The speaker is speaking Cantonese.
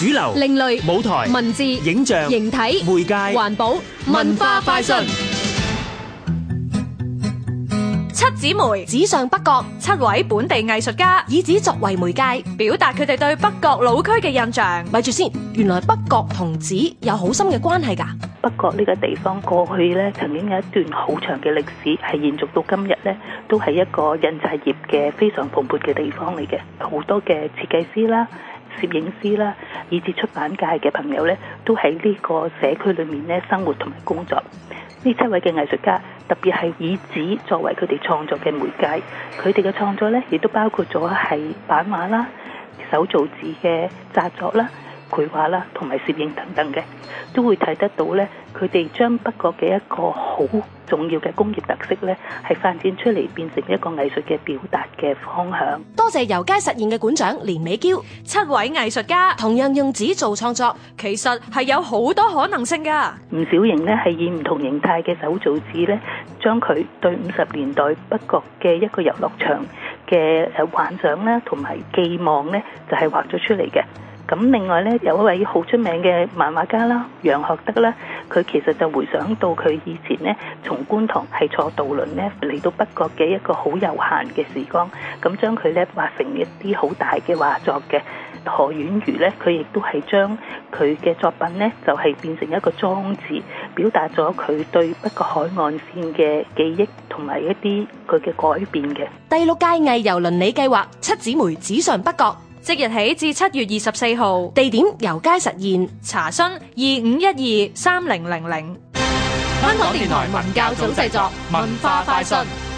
主流、另類舞台、文字、影像、形體、媒介、環保、文化快訊。柒紙媒紙上北角，七位本地藝術家以紙作為媒介，表達佢哋對北角老區嘅印象。咪住先，原來北角同紙有好深嘅關係㗎。北角呢個地方過去咧曾經有一段好長嘅歷史，係延續到今日咧都係一個印刷業嘅非常蓬勃嘅地方嚟嘅，好多嘅設計師啦。攝影師啦，以至出版界嘅朋友咧，都喺呢個社區裏面咧生活同埋工作。呢七位嘅藝術家，特別係以紙作為佢哋創作嘅媒介，佢哋嘅創作咧，亦都包括咗係版畫啦、手造紙嘅紮作啦。繪畫啦，同埋攝影等等嘅，都會睇得到咧。佢哋將北角嘅一個好重要嘅工業特色咧，係發展出嚟，變成一個藝術嘅表達嘅方向。多謝遊街實驗嘅館長連美嬌，七位藝術家同樣用紙做創作，其實係有好多可能性噶。吳小瑩咧係以唔同形態嘅手造紙咧，將佢對五十年代北角嘅一個遊樂場嘅誒幻想咧，同埋寄望咧，就係畫咗出嚟嘅。咁另外咧，有一位好出名嘅漫畫家啦，楊學德咧，佢其實就回想到佢以前咧，從觀塘係坐渡輪咧嚟到北角嘅一個好悠閒嘅時光，咁將佢咧畫成一啲好大嘅畫作嘅。何婉如咧，佢亦都係將佢嘅作品咧，就係、是、變成一個裝置，表達咗佢對北角海岸線嘅記憶同埋一啲佢嘅改變嘅。第六屆藝遊鄰里計劃，七姊妹紙上北角。即日起至七月二十四號，地點油街實現，查詢二五一二三零零零。香港 電台文教組製作，文化快訊。